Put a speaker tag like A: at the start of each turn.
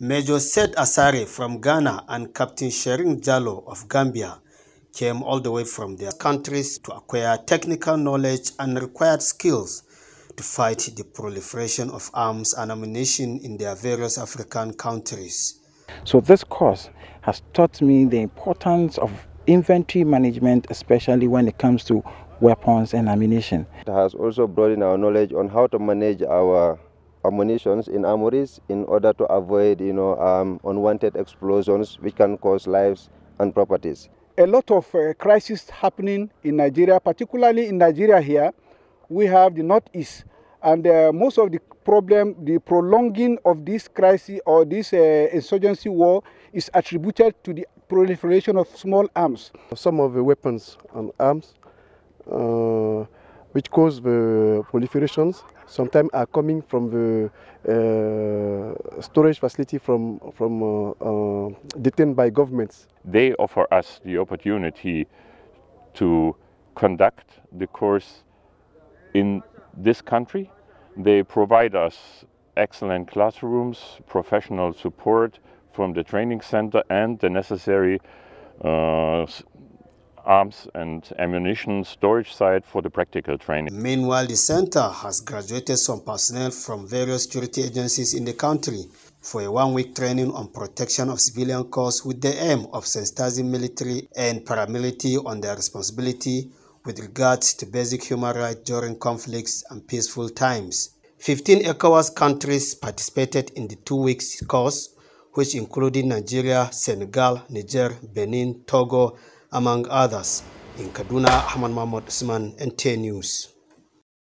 A: Major Seth Asare from Ghana and Captain Shering Jallo of Gambia came all the way from their countries to acquire technical knowledge and required skills to fight the proliferation of arms and ammunition in their various African countries.
B: So this course has taught me the importance of inventory management, especially when it comes to weapons and ammunition.
C: It has also broadened our knowledge on how to manage our ammunitions in armories in order to avoid you know, um, unwanted explosions which can cause lives and properties.
D: A lot of uh, crises happening in Nigeria, particularly in Nigeria here. We have the Northeast, and uh, most of the problem, the prolonging of this crisis or this uh, insurgency war is attributed to the proliferation of small arms. Some of the weapons and arms uh, which cause the
E: proliferations sometimes are coming from the uh, storage facility from, from uh, uh, detained by governments.
F: They offer us the opportunity to conduct the course in this country. They provide us excellent classrooms, professional support from the training center and the necessary uh, arms and ammunition storage site for the practical training. Meanwhile, the
A: center has graduated some personnel from various security agencies in the country for a one-week training on protection of civilian cause with the aim of sensitizing military and paramilitary on their responsibility with regards to basic human rights during conflicts and peaceful times. 15 ECOWAS countries participated in the two weeks course, which included Nigeria, Senegal, Niger, Benin, Togo, among others. In Kaduna, Ahmad Mahmoud Usman, NT News.